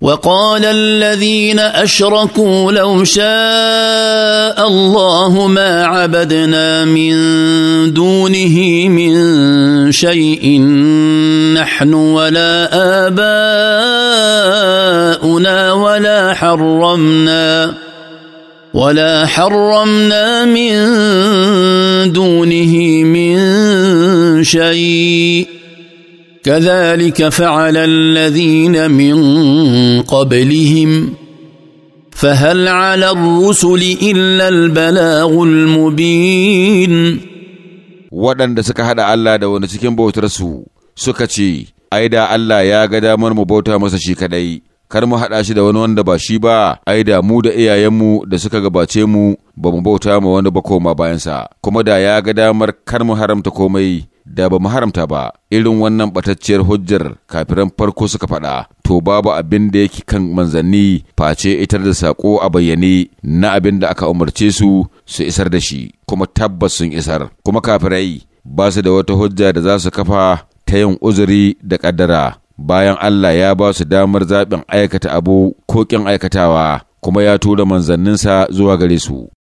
وقال الذين اشركوا لو شاء الله ما عبدنا من دونه من شيء نحن ولا اباؤنا ولا حرمنا ولا حرمنا من دونه من شيء كذلك فعل الذين من قبلهم فهل على الرسل إلا البلاغ المبين waɗanda suka haɗa Allah da wani cikin bautarsu suka ce, Ai, da Allah ya ga damar mu bauta masa shi kaɗai, kar mu haɗa shi da wani wanda ba shi ba, ai, da mu da iyayenmu da suka gabace mu ba mu bauta ma wani ba koma bayansa, kuma da ya ga damar kar mu haramta komai da ba mu haramta ba irin wannan batacciyar hujjar kafiran farko suka faɗa to babu abin da yake kan manzanni face itar da saƙo a bayyane na abin da aka umarce su su isar da shi kuma tabbas sun isar kuma kafirai ba su da wata hujja da za su kafa ta yin uzuri da ƙaddara bayan Allah ya ba su damar zaɓin aikata abu ko ƙin aikatawa kuma ya tura manzanninsa zuwa gare su.